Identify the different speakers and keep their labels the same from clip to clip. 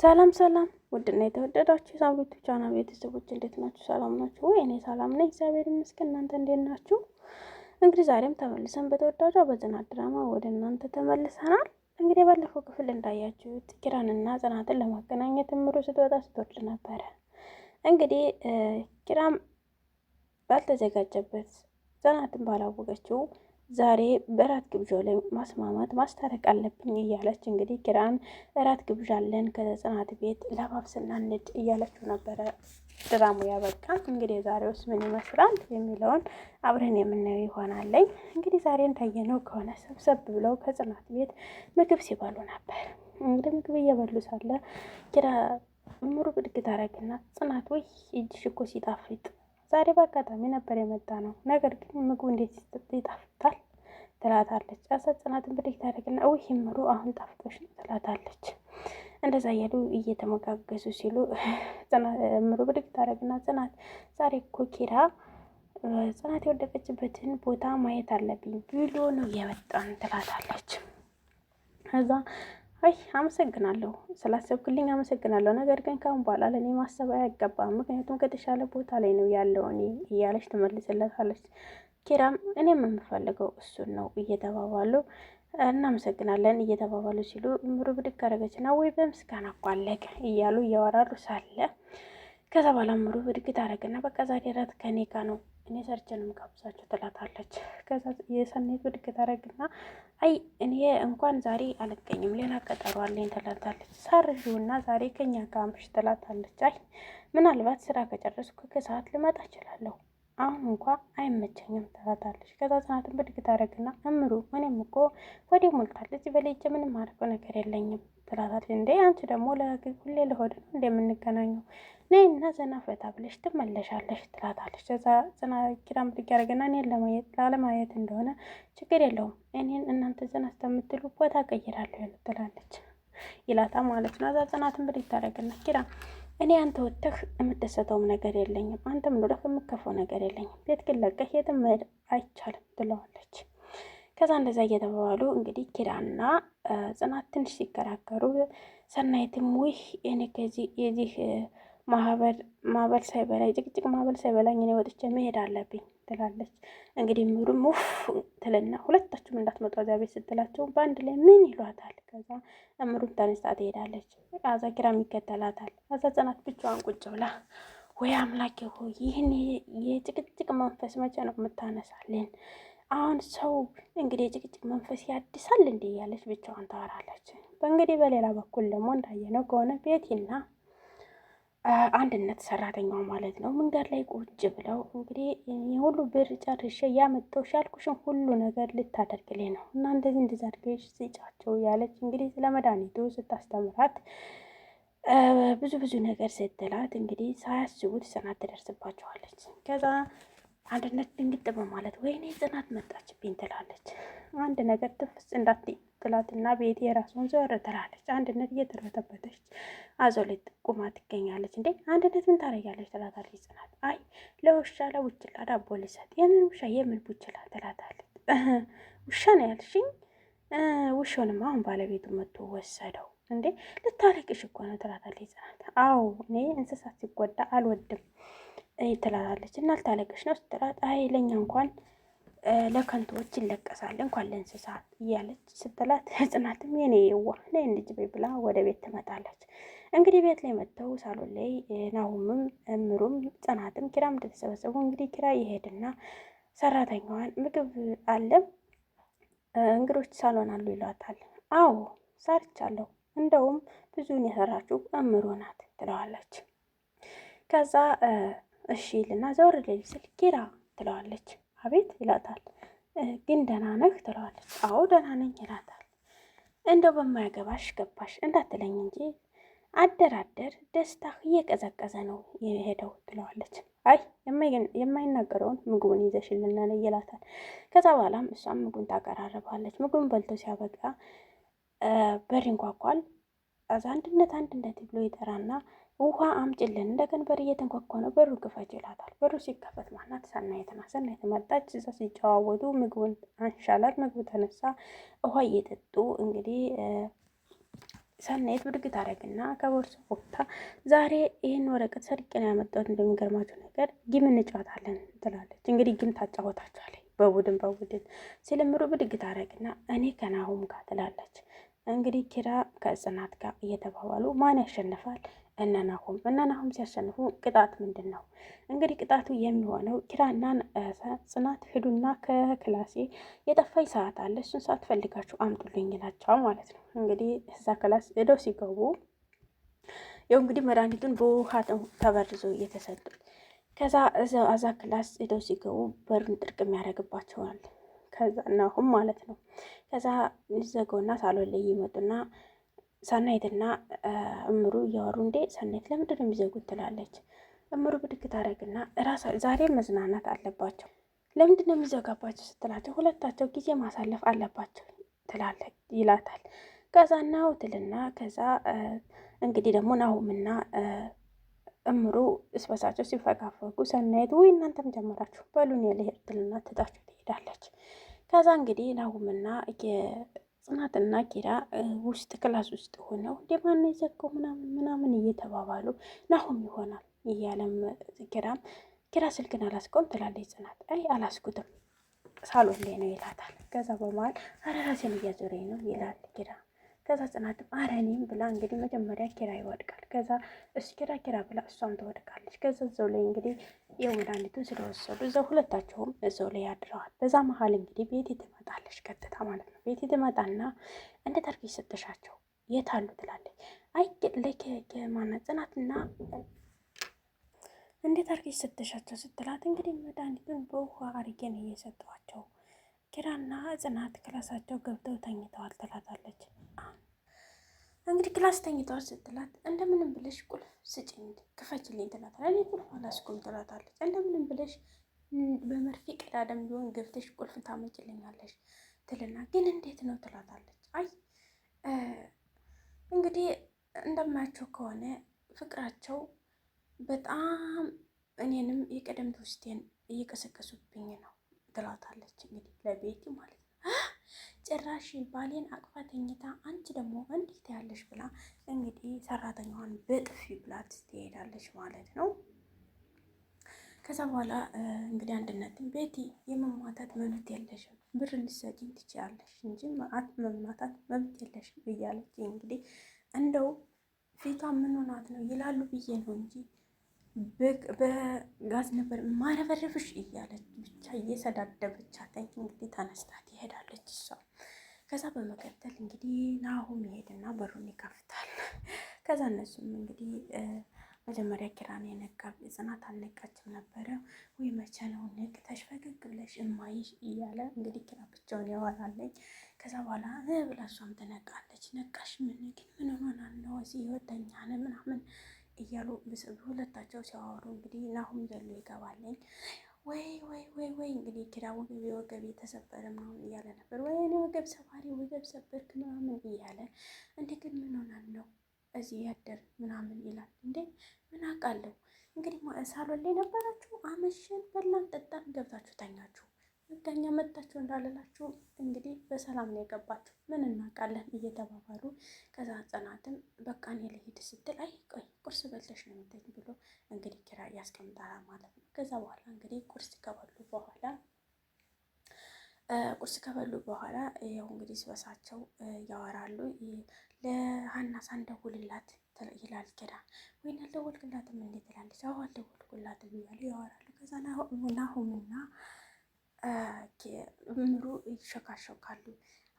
Speaker 1: ሰላም ሰላም፣ ውድና የተወደዳችሁ የሳምሪቱ ቻና ቤተሰቦች እንዴት ናችሁ? ሰላም ናችሁ ወይ? እኔ ሰላም ነኝ፣ እግዚአብሔር ይመስገን። እናንተ እንዴት ናችሁ? እንግዲህ ዛሬም ተመልሰን በተወዳጇ በጽናት ድራማ ወደ እናንተ ተመልሰናል። እንግዲህ ባለፈው ክፍል እንዳያችሁት ኪራንና ጽናትን ለማገናኘት እምሩ ስትወጣ ስትወርድ ነበረ። እንግዲህ ኪራም ባልተዘጋጀበት ጽናትን ባላወቀችው ዛሬ በራት ግብዣው ላይ ማስማማት ማስታረቅ አለብኝ እያለች እንግዲህ ኪራን እራት ግብዣ አለን ከጽናት ቤት ለባብስና ንድ እያለችው ነበረ። ድራሙ ያበቃ እንግዲህ ዛሬውስ ምን ይመስላል የሚለውን አብረን የምናየው ይሆናለኝ። እንግዲህ ዛሬ እንዳየነው ከሆነ ሰብሰብ ብለው ከጽናት ቤት ምግብ ሲበሉ ነበር። እንግዲህ ምግብ እየበሉ ሳለ ኪራ ምሩ ብድግ ታረግና ጽናት ወይ እጅሽ እኮ ሲጣፍጥ ዛሬ በአጋጣሚ ነበር የመጣ ነው። ነገር ግን ምግቡ እንዴት ይጣፍጣል ትላታለች። እርሳት ጽናትን ብድግ ታደርግና ውይ ይምሩ አሁን ጣፍጦሽ ነው ትላታለች። እንደዛ እያሉ እየተመጋገሱ ሲሉ ምሩ ብድግ ታደርግና ጽናት ዛሬ እኮ ኪራ ጽናት የወደቀችበትን ቦታ ማየት አለብኝ ብሎ ነው የመጣን ትላታለች። እዛ አይ አመሰግናለሁ፣ ስላሰብክልኝ አመሰግናለሁ። ነገር ግን ካሁን በኋላ ለእኔ ማሰብ አይገባም፣ ምክንያቱም ከተሻለ ቦታ ላይ ነው ያለው እኔ እያለች ትመልስለታለች። ኪራም እኔ የምፈልገው እሱን ነው እየተባባሉ እናመሰግናለን እየተባባሉ ሲሉ ምሩ ብድግ አደረገች እና ወይ በምስጋና እኮ እያሉ እያወራሩ ሳለ ከዛ በኋላ ምሩ ብድግ ታደረገና በቃ ዛሬ እራት ከኔ ጋ ነው እኔ ሰርቼ ነው የምጋብዛችሁ ትላታለች። ከዛ የሰኔት ብድግ ታደርግና አይ እኔ እንኳን ዛሬ አልገኝም ሌላ ቀጠሮ አለኝ ትላታለች። ሳርፊውና ዛሬ ከኛ ጋር አምሽ ትላታለች። አይ ምናልባት ስራ ከጨረስኩ ከሰዓት ልመጣ እችላለሁ አሁን እንኳ አይመቸኝም ትላታለች። ከዛ ጽናትን ብድግ ታደርግና እምሩ እኔም እኮ ሆዴ ሞልታለች በሌጀ በላይ ምንም ማድረገው ነገር የለኝም ትላታለች። እንዴ አንቺ ደግሞ ለግል ሁሌ ለሆድ ነው ነይ እና ዘና ፈታ ብለሽ ትመለሻለሽ ትላታለች። ከዛ ጽና ኪዳን ብድግ ያደርግና እኔን ለማየት ላለማየት እንደሆነ ችግር የለውም እኔን እናንተ ዘና ስተምትሉ ቦታ ቀይራለሁ ትላለች። ይላታ ማለት ነው። እዛ ጽናትን ብድግ ታደርግና ኪዳን እኔ አንተ ወጥተህ የምደሰተውም ነገር የለኝም፣ አንተም ኑረህ የምከፈው ነገር የለኝም። ቤት ግን ለቀህ የትም መሄድ አይቻልም ትለዋለች። ከዛ እንደዛ እየተባባሉ እንግዲህ ኪራና ጽናት ትንሽ ሲከራከሩ፣ ሰናይትም ውህ እኔ ከዚህ የዚህ ማህበር ማህበር ሳይበላኝ ጭቅጭቅ ማበል ሳይበላኝ እኔ ወጥቼ መሄድ አለብኝ ትላለች። እንግዲህ ምሩም ውፍ ትልና ሁለታችሁም እንዳትመጡ እዚያ ቤት ስትላቸው በአንድ ላይ ምን ይሏታል። ከዛ እምሩም ተነስታ ትሄዳለች። አዛ ኪራም ይከተላታል። አዛ ጽናት ብቻዋን ቁጭ ብላ ወይ አምላኬ ሆይ ይህን የጭቅጭቅ መንፈስ መቼ ነው የምታነሳልን? አሁን ሰው እንግዲህ የጭቅጭቅ መንፈስ ያድሳል እንዲህ እያለች ብቻዋን ታወራለች። በእንግዲህ በሌላ በኩል ደግሞ እንዳየነው ከሆነ ቤቲና አንድነት ሰራተኛው ማለት ነው። መንገድ ላይ ቁጭ ብለው እንግዲህ የሁሉ ብር ጨርሼ ያመጣሁሽ ያልኩሽን ሁሉ ነገር ልታደርግልኝ ነው እና እንደዚህ እንደዚህ አድርገሽ ስጫቸው ያለች እንግዲህ ስለ መድኃኒቱ ስታስተምራት ብዙ ብዙ ነገር ስትላት እንግዲህ ሳያስቡት ጽናት ትደርስባቸዋለች። ከዛ አንድነት ድንግጥ በማለት ወይኔ ጽናት መጣችብኝ ትላለች። አንድ ነገር ትፍስ እንዳትይ ትላትና ቤት የራሱን ዞር ትላለች። አንድነት እየተረተበተች አዞሌት ቁማ ትገኛለች። እንዴ አንድነት ምን ታረጊያለች? ትላታለች ጽናት። አይ ለውሻ ለቡችላ ዳቦ ልሰጥ። የምን ውሻ የምን ቡችላ? ትላታለች። ውሻ ነው ያልሽኝ? ውሾንማ አሁን ባለቤቱ መጥቶ ወሰደው። እንዴ ልታለቅሽ እኮ ነው ትላታለች ጽናት። አዎ እኔ እንስሳት ሲጎዳ አልወድም ትላታለች። እና ልታለቅሽ ነው ስትላት አይ ለእኛ እንኳን ለከንቶዎች ይለቀሳል እንኳን ለእንስሳት እያለች ስትላት፣ ጽናትም የኔ የዋ ነይ ልጅ ብላ ወደ ቤት ትመጣለች። እንግዲህ ቤት ላይ መጥተው ሳሎን ላይ ናሁምም እምሩም ጽናትም ኪራም እንደተሰበሰቡ እንግዲህ ኪራ ይሄድና ሰራተኛዋን ምግብ አለም እንግዶች ሳሎን አሉ ይሏታል። አዎ ሰርቻለሁ፣ እንደውም ብዙን የሰራችው እምሩ ናት ትለዋለች። ከዛ እሺ ልና ዘወር ሌል ስል ኪራ ትለዋለች። አቤት ይላታል። ግን ደህና ነህ ትለዋለች። አዎ ደህና ነኝ ይላታል። እንደው በማያገባሽ ገባሽ እንዳትለኝ እንጂ አደራደር ደስታህ እየቀዘቀዘ ነው የሄደው ትለዋለች። አይ የማይናገረውን ምግቡን ይዘሽልና ነው ይላታል። ከዛ በኋላም እሷም ምግቡን ታቀራርባለች። ምግቡን በልቶ ሲያበቃ በር ይንኳኳል። አንድነት አንድነት ብሎ ይጠራና ውሃ አምጭልን እንደገን በር እየተንኳኳ ነው። በሩ ክፈች ይላታል። በሩ ሲከፈት ማናት ሰናይት ናት። ሰናይት መጣች። እዛ ሲጨዋወቱ ምግቡን አንሻላት። ምግቡ ተነሳ። ውሃ እየጠጡ እንግዲህ ሰናይት ብድግ ታደርግና ከቦርሱ ቦታ ዛሬ ይህን ወረቀት ሰርቄ ነው ያመጣሁት እንደሚገርማችሁ ነገር ጊም እንጫወታለን ትላለች። እንግዲህ ጊም ታጫወታችኋለች በቡድን በቡድን ሲለምሩ ብድግ ታደርግና እኔ ከናሁም ጋር ትላለች። እንግዲህ ኪራ ከጽናት ጋር እየተባባሉ ማን ያሸንፋል እነናሁም እነናሁም ሲያሸንፉ ቅጣት ምንድን ነው? እንግዲህ ቅጣቱ የሚሆነው ኪራናን ጽናት ሂዱና ከክላሴ የጠፋኝ ሰዓት አለ እሱን ሰዓት ፈልጋችሁ አምጡልኝ ይላቸዋል ማለት ነው። እንግዲህ እዛ ክላስ ሄደው ሲገቡ ያው እንግዲህ መድኃኒቱን በውሃ ተበርዞ የተሰጡት ከዛ አዛ ክላስ ሄደው ሲገቡ በሩን ጥርቅም ያደርግባቸዋል። ከዛ ናሁም ማለት ነው። ከዛ ዘገውና ሳሎን ላይ ይመጡና ሰናይትና እምሩ እያወሩ እንዴ ሰናይት ለምንድን ነው የሚዘጉት ትላለች። እምሩ ብድግ ታደርግና ራሳ ዛሬ መዝናናት አለባቸው ለምንድን ነው የሚዘጋባቸው ስትላቸው ሁለታቸው ጊዜ ማሳለፍ አለባቸው ትላለች ይላታል። ከዛ ናው ትልና ከዛ እንግዲህ ደግሞ ናሁምና እምሩ እስበሳቸው ሲፈጋፈጉ ሰናይት ወይ እናንተም ጀመራችሁ በሉን የልሄድ ትልና ትታችሁ ትሄዳለች። ከዛ እንግዲህ ናሁምና ጽናትና ኪራ ውስጥ ክላስ ውስጥ ሆነው እንደማን የዘጋው ምናምን ምናምን እየተባባሉ ናሁም ይሆናል እያለም ኪራም ኪራ ስልክን አላስቀውም ትላለች ጽናት። አይ አላስኩትም ሳሎን ላይ ነው ይላታል። ከዛ በመሃል አረ ራሴን እያዞረኝ ነው ይላል ኪራ። ከዛ ጽናትም አረ እኔም ብላ እንግዲህ መጀመሪያ ኪራ ይወድቃል። ከዛ እሱ ኪራ ኪራ ብላ እሷም ትወድቃለች። ከዛ እዛው ላይ እንግዲህ ይኸው መድኃኒቱን ስለወሰዱ እዛው ሁለታቸውም እዛው ላይ ያድረዋል። በዛ መሀል እንግዲህ ቤቲ ትመጣለች፣ ቀጥታ ማለት ነው። ቤቲ ትመጣና እንደ ታርጌ ስትሻቸው የት አሉ ትላለች። አይ ለማናት ጽናትና እንደ ታርጌ ስትሻቸው ስትላት እንግዲህ መድኃኒቱን በውሃ አርጌ ነው እየሰጠዋቸው ኪራና ጽናት ክላሳቸው ገብተው ተኝተዋል ትላታለች። እንግዲህ ክላስ ተኝተዋል ስትላት እንደምንም ብለሽ ቁልፍ ስጭኝ ክፈችልኝ ትላታለች። እኔ ቁልፍ አላስኩም ትላታለች። እንደምንም ብለሽ በመርፌ ቀዳደም ቢሆን ገብተሽ ቁልፍ ታመጭልኛለሽ ትልና ግን እንዴት ነው ትላታለች። አይ እንግዲህ እንደማያቸው ከሆነ ፍቅራቸው በጣም እኔንም የቀደም ውስቴን እየቀሰቀሱብኝ ነው ትላታለች። እንግዲህ ለቤቲ ማለት ጭራሽ ባሌን አቅፋ ተኝታ አንቺ ደግሞ እንዴት ያለሽ ብላ እንግዲህ ሰራተኛዋን በጥፊ ብላት ትሄዳለች ማለት ነው። ከዛ በኋላ እንግዲህ አንድነትን ቤቲ የመማታት መብት የለሽም፣ ብር ልትሰጪኝ ትችያለሽ እንጂ አት መማታት መብት የለሽም እያለች እንግዲህ እንደው ፊቷ ምን ሆናት ነው ይላሉ ብዬ ነው እንጂ በጋዝ ነበር ማረበረብሽ እያለች ብቻ እየሰዳደበቻት እንግዲህ ተነስታት ይሄዳለች እሷ። ከዛ በመቀጠል እንግዲህ ናሆም ይሄድና በሩን ይከፍታል። ከዛ እነሱም እንግዲህ መጀመሪያ ኪራን የነጋ ጽናት አልነቃችም ነበረ ወይ መቼ ነው ንቅ ፈገግ ብለሽ እማይሽ እያለ እንግዲህ ኪራ ብቻውን ያወራለኝ። ከዛ በኋላ ብላ እሷም ትነቃለች። ነቃሽ ምን ግን ምን ሆናል ነው እዚህ ይወደኛል ምናምን እያሉ ሁለታቸው ሲያወሩ እንግዲህ ናሁም ዘሎ ይገባለኝ ወይ ወይ እንግዲህ ኪራ ወገብ ወገቤ የተሰበረ ምናምን እያለ ነበር። ወይ እኔ ወገብ ሰባሪ ወገብ ሰበርክ ምናምን እያለ እንዴ፣ ግን ምን ሆናል ነው እዚህ ያደር ምናምን ይላል። እንዴ ምን አውቃለሁ እንግዲህ ሳሎን ላይ ነበራችሁ፣ አመሸን፣ በላን፣ ጠጣን፣ ገብታችሁ ተኛችሁ። እዳኛ መጣችሁ እንዳለላችሁ እንግዲህ በሰላም ነው የገባችሁ፣ ምን እናውቃለን እየተባባሉ ከዛ ጽናትም በቃ እኔ ልሂድ ስትል አይ ቆይ ቁርስ በልተሽ ነው የምትሄጂ ብሎ እንግዲህ ኪራ ያስቀምጣል ማለት ነው። ከዛ በኋላ እንግዲህ ቁርስ ከበሉ በኋላ ቁርስ ከበሉ በኋላ ያው እንግዲህ ስበሳቸው ያወራሉ። ለሀና ሳንደውልላት ይላል ኪራይ። ወይኔ አልደወልኩላትም እንዴት ትላለች? አዎ አልደወልኩላትም እያሉ ያወራሉ። ከዛ ናሆምና ምሩ ይሸካሸካሉ።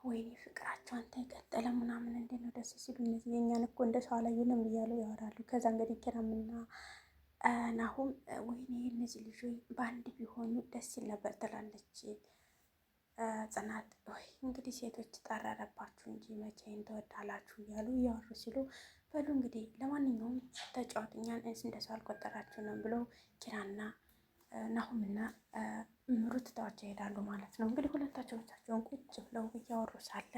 Speaker 1: ወይኔ ፍቅራቸው አንተ የቀጠለ ምናምን እንዴት ነው ደስ ሲሉ እነዚህ የእኛን እኮ እንደ ሰው አላየንም እያሉ ያወራሉ። ከዛ እንግዲህ ኪራምና ናሁም ወይኔ እነዚህ ልጆች በአንድ ቢሆኑ ደስ ይል ነበር ትላለች ጽናት። ወይ እንግዲህ ሴቶች ጠረረባችሁ እንጂ መቼ እንትወዳላችሁ እያሉ እያወሩ ሲሉ በሉ እንግዲህ ለማንኛውም ተጫዋት እኛን እንደ ሰው አልቆጠራችሁንም ብሎ ኪራና ናሁምና ምሩት ትተዋቸው ይሄዳሉ ማለት ነው። እንግዲህ ሁለታቸው ብቻቸውን ቁጭ ብለው እያወሩ ሳለ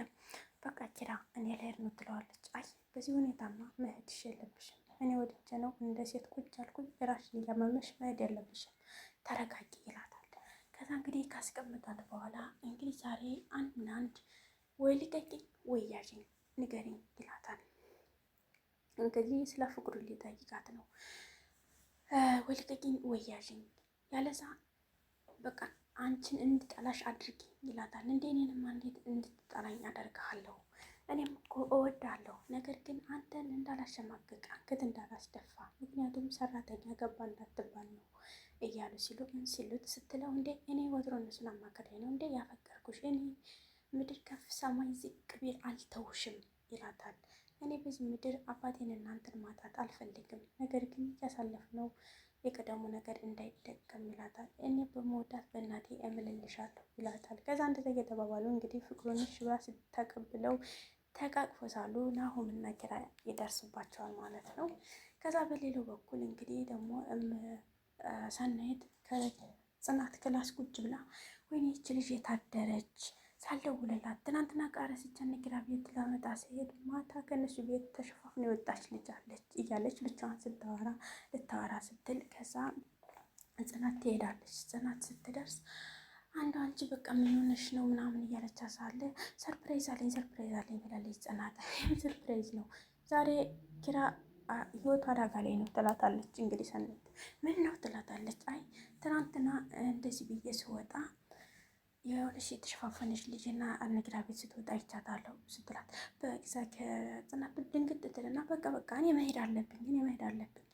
Speaker 1: በቃ ኪራ እኔ ልሄድ ነው ትለዋለች። አይ በዚህ ሁኔታማ መሄድሽ የለብሽም እኔ ወደጀ ነው እንደ ሴት ቁጭ አልኩኝ ራስሽን እያመመሽ መሄድ የለብሽም ተረጋጊ ይላታል። ከዛ እንግዲህ ካስቀምጣት በኋላ እንግዲህ ዛሬ አንድ አንድ ወይ ልቀቂኝ ወይ ያዥኝ ንገሪኝ ይላታል። እንግዲህ ስለ ፍቅሩ ሊጠይቃት ነው። ወይ ልቀቂኝ ወይ ያዥኝ ያለዛ በቃ አንቺን እንድጠላሽ አድርጊ ይላታል። እንዴ እኔንማ እንዴት እንድትጠላኝ አደርግሃለሁ? እኔም እኮ እወዳለሁ፣ ነገር ግን አንተን እንዳላሸማቅቅ አንገት እንዳላስደፋ፣ ምክንያቱም ሰራተኛ ገባ እንዳትባል ነው እያሉ ሲሉ ምን ሲሉት ስትለው እንዴ እኔ ወትሮ እነሱን አማከዳይ ነው እንዴ ያፈቀርኩሽ እኔ ምድር ከፍ ሰማይ ዝቅ ቢል አልተውሽም ይላታል። እኔ በዚህ ምድር አባቴን እናንተን ማጣት አልፈልግም፣ ነገር ግን ነው። የቀደሙ ነገር እንዳይደገም ይላታል። እኔ በመወዳት በእናቴ እምልልሻለሁ ይላታል። ከዛ እንደዛ እየተባባሉ እንግዲህ ፍቅሩን ሽባ ተቀብለው ተቃቅፎ ሳሉ ናሆም እና ኪራ ማለት ነው። ከዛ በሌላው በኩል እንግዲህ ደግሞ ሰናይት ከጽናት ክላስ ቁጭ ብላ ወይኔ ይች ልጅ የታደረች ሳልደውልላት ትናንትና ቃረ ሲጨንቅ ግራ ቤት ለመጣ ሲሄድ ማታ ከነሱ ቤት ተሸፋፍና የወጣች ልጅ አለች እያለች ብቻዋን ስታወራ ልታወራ ስትል ከዛ ጽናት ትሄዳለች። ጽናት ስትደርስ አንዱ አንቺ በቃ ምን ሆነሽ ነው ምናምን እያለች ሳለ ሰርፕራይዝ አለኝ ሰርፕራይዝ አለኝ ብላለች። ጽናት ሰርፕራይዝ ነው ዛሬ ኪራ ህይወቱ አደጋ ላይ ነው ትላታለች። እንግዲህ ሰነት ምን ነው ትላታለች። አይ ትናንትና እንደዚህ ብዬ ስወጣ የሆነች የተሸፋፈነች ልጅና አልነግዳ ቤት ስትወጣ ይቻታለሁ ስትላት በዛ ከጽናት ድንግጥ ትልና በቃ በቃ እኔ መሄድ አለብኝ እኔ መሄድ አለብኝ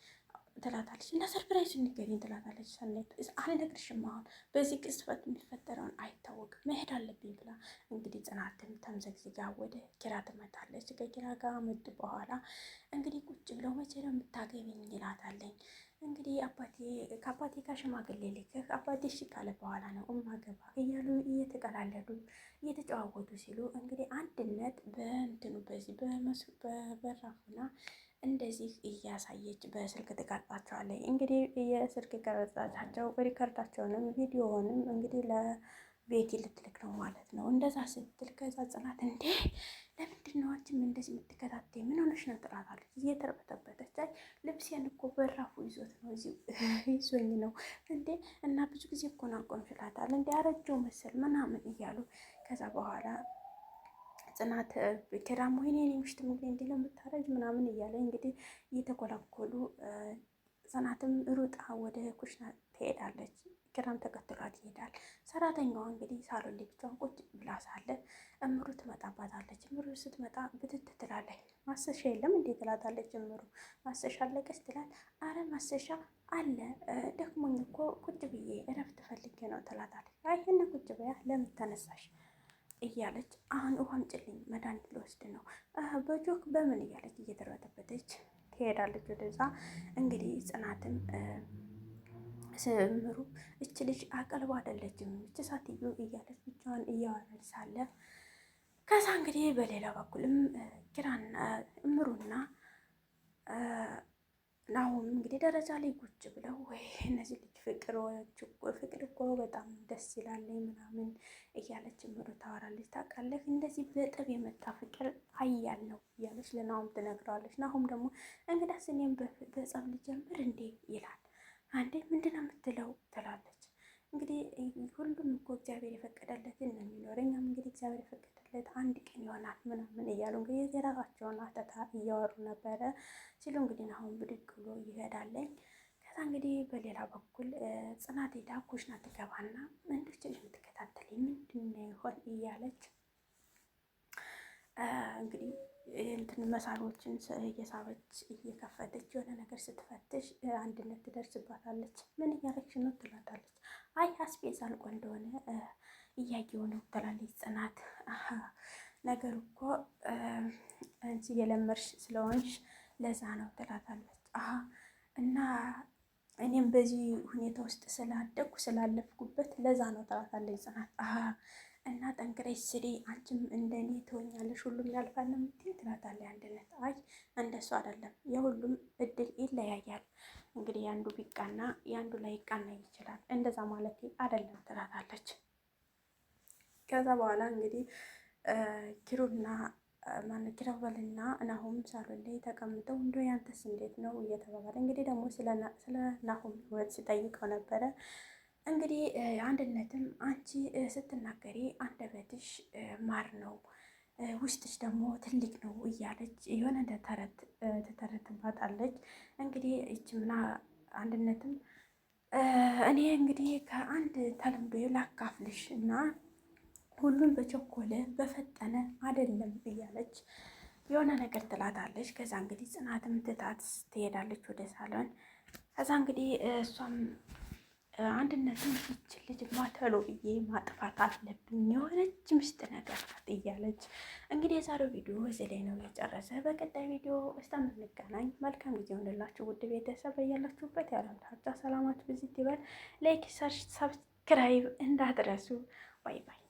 Speaker 1: ትላታለች እና ሰርፕራይዝ እንገናኝ ትላታለች። ሰናይት አልነግርሽም፣ አሁን በዚህ ቅጽበት የሚፈጠረውን አይታወቅም፣ መሄድ አለብኝ ብላ እንግዲህ ጽናትን ተምዘግዝጋ ወደ ኪራ ትመጣለች። ከኪራ ጋር መጡ በኋላ እንግዲህ ቁጭ ብለው መቼ ነው የምታገቢኝ ይላታለኝ። እንግዲህ አባቴ ከአባቴ ጋር ሽማግሌ ልክህ አባቴ እሺ ካለ በኋላ ነው እማገባ እያሉ እየተቀላለዱ እየተጨዋወቱ ሲሉ እንግዲህ አንድነት በእንትኑ በዚህ በበራፉና እንደዚህ እያሳየች በስልክ ትቀርጻቸዋለች። እንግዲህ የስልክ ቀረጻቸው ሪከርዳቸውንም ቪዲዮውንም እንግዲህ ለቤቲ ልትልክ ነው ማለት ነው። እንደዛ ስትል ከዛ ጽናት እንዴ ለምንድን ነው አንቺም እንደዚህ የምትከታተይ? ምን ሆነሽ ነው ትላታለች። እየተርበተበተች ላይ ልብሴን እኮ በራፉ ይዞት ነው እዚህ ይዞኝ ነው እንዴ እና ብዙ ጊዜ እኮ ናቆም ችላታል እንዴ አረጀው መሰል ምናምን እያሉ ከዛ በኋላ ጽናት ኪራም ወይኔ የእኔ ምሽት ምግብ እንዲህ ነው የምታረጅ ምናምን እያለ እንግዲህ እየተኮላኮሉ ጽናትም ሩጣ ወደ ኩሽና ትሄዳለች። ኪራም ተከትሏት ይሄዳል። ሰራተኛዋ እንግዲህ ሳሎን ልጅቷን ቁጭ ብላ ሳለ እምሩ ትመጣባታለች። እምሩ ስትመጣ ብትት ትላለች። ማሰሻ የለም እንዴ ትላታለች። እምሩ ማሰሻ አለቀች ትላል። አረ ማሰሻ አለ ደክሞኝ እኮ ቁጭ ብዬ እረፍት ፈልጌ ነው ትላታለች። አይ ቁጭ በያ ለምን ተነሳሽ እያለች አሁን ውሃ አምጪልኝ መድኃኒት ልወስድ ነው በጆክ በምን እያለች እየተረተበተች ትሄዳለች ወደዛ። እንግዲህ ጽናትም ስምሩ እች ልጅ አቀልባ አይደለችም እች ሳትዮ እያለች ብቻዋን እያወራች ሳለ ከዛ እንግዲህ በሌላ በኩልም ኪራና እምሩና ናሁም እንግዲህ ደረጃ ላይ ቁጭ ብለው ወይ እነዚህ ልጅ ፍቅሮች ፍቅር እኮ በጣም ደስ ይላል ምናምን እያለች ምሮ ታወራለች። ታውቃለህ እንደዚህ በጥብ የመጣ ፍቅር አያለው እያለች ለናሁም ትነግረዋለች። ናሁም ደግሞ እንግዳስ እኔም በጸብ ልጀምር እንዴ ይላል። አንዴ ምንድን ነው የምትለው ትላለች። እንግዲህ ሁሉም እኮ እግዚአብሔር የፈቀደለትን ነው የሚኖር። እኛም እንግዲህ እግዚአብሔር የፈቀደለት አንድ ቀን ይሆናል ምናምን እያሉ እንግዲህ የራሳቸውን አተታ እያወሩ ነበረ ሲሉ እንግዲህ አሁን ብድግ ብሎ ይሄዳለኝ። ከዛ እንግዲህ በሌላ በኩል ጽናት ሄዳ ኩሽና ትገባና እንዶች የምትከታተል ምንድን ይሆን እያለች እንግዲህ እንትን መሳቢዎችን እየሳበች እየከፈተች የሆነ ነገር ስትፈትሽ አንድነት ትደርስባታለች። ምን እያደረግሽ ነው ትላታለች። አይ አስቤዛ አልቆ እንደሆነ እያየው ነው ትላለች ጽናት። ነገር እኮ እየለመድሽ ስለሆንሽ ለዛ ነው ትላታለች። አሀ እና እኔም በዚህ ሁኔታ ውስጥ ስላደግኩ ስላለፍኩበት ለዛ ነው ትላታለች ጽናት። አሀ እና ጠንክረሽ ስሪ፣ አንቺም እንደኔ ትሆኛለሽ፣ ሁሉም ያልፋል ነው የምትይኝ ትላታለች አንድነት። አይ እንደሱ አይደለም፣ የሁሉም እድል ይለያያል። እንግዲህ ያንዱ ቢቃና ያንዱ ላይ ይቃና ይችላል፣ እንደዛ ማለት አይደለም ትላታለች። ከዛ በኋላ እንግዲህ ኪሩና ማለት ኪራበልና ናሁም ሳሎን ላይ ተቀምጠው እንዶ ያንተስ እንዴት ነው እየተባባለ እንግዲህ ደግሞ ስለ ናሁም ህይወት ሲጠይቀው ነበረ። እንግዲህ አንድነትም አንቺ ስትናገሪ አንደበትሽ ማር ነው፣ ውስጥሽ ደግሞ ትልቅ ነው እያለች የሆነ ተረት ትተረትባታለች። እንግዲህ ይችምና አንድነትም እኔ እንግዲህ ከአንድ ተለምዶ ላካፍልሽ እና ሁሉም በቸኮለ በፈጠነ አይደለም እያለች የሆነ ነገር ትላታለች። ከዛ እንግዲህ ጽናትም ትታት ትሄዳለች ወደ ሳሎን። ከዛ እንግዲህ እሷም አንድነትን ይች ልጅ ማተሎ ብዬ ማጥፋት አለብኝ የሆነች ምስጥ ነገር ናት እያለች እንግዲህ የዛሬው ቪዲዮ እዚህ ላይ ነው የጨረሰ። በቀጣይ ቪዲዮ እስከምንገናኝ መልካም ጊዜ ሆንላችሁ ውድ ቤተሰብ። በያላችሁበት የዓለም ዳርቻ ሰላማችሁ ብዙ ይበል። ላይክ፣ ሰርች፣ ሰብስክራይብ እንዳትረሱ። ባይ ባይ።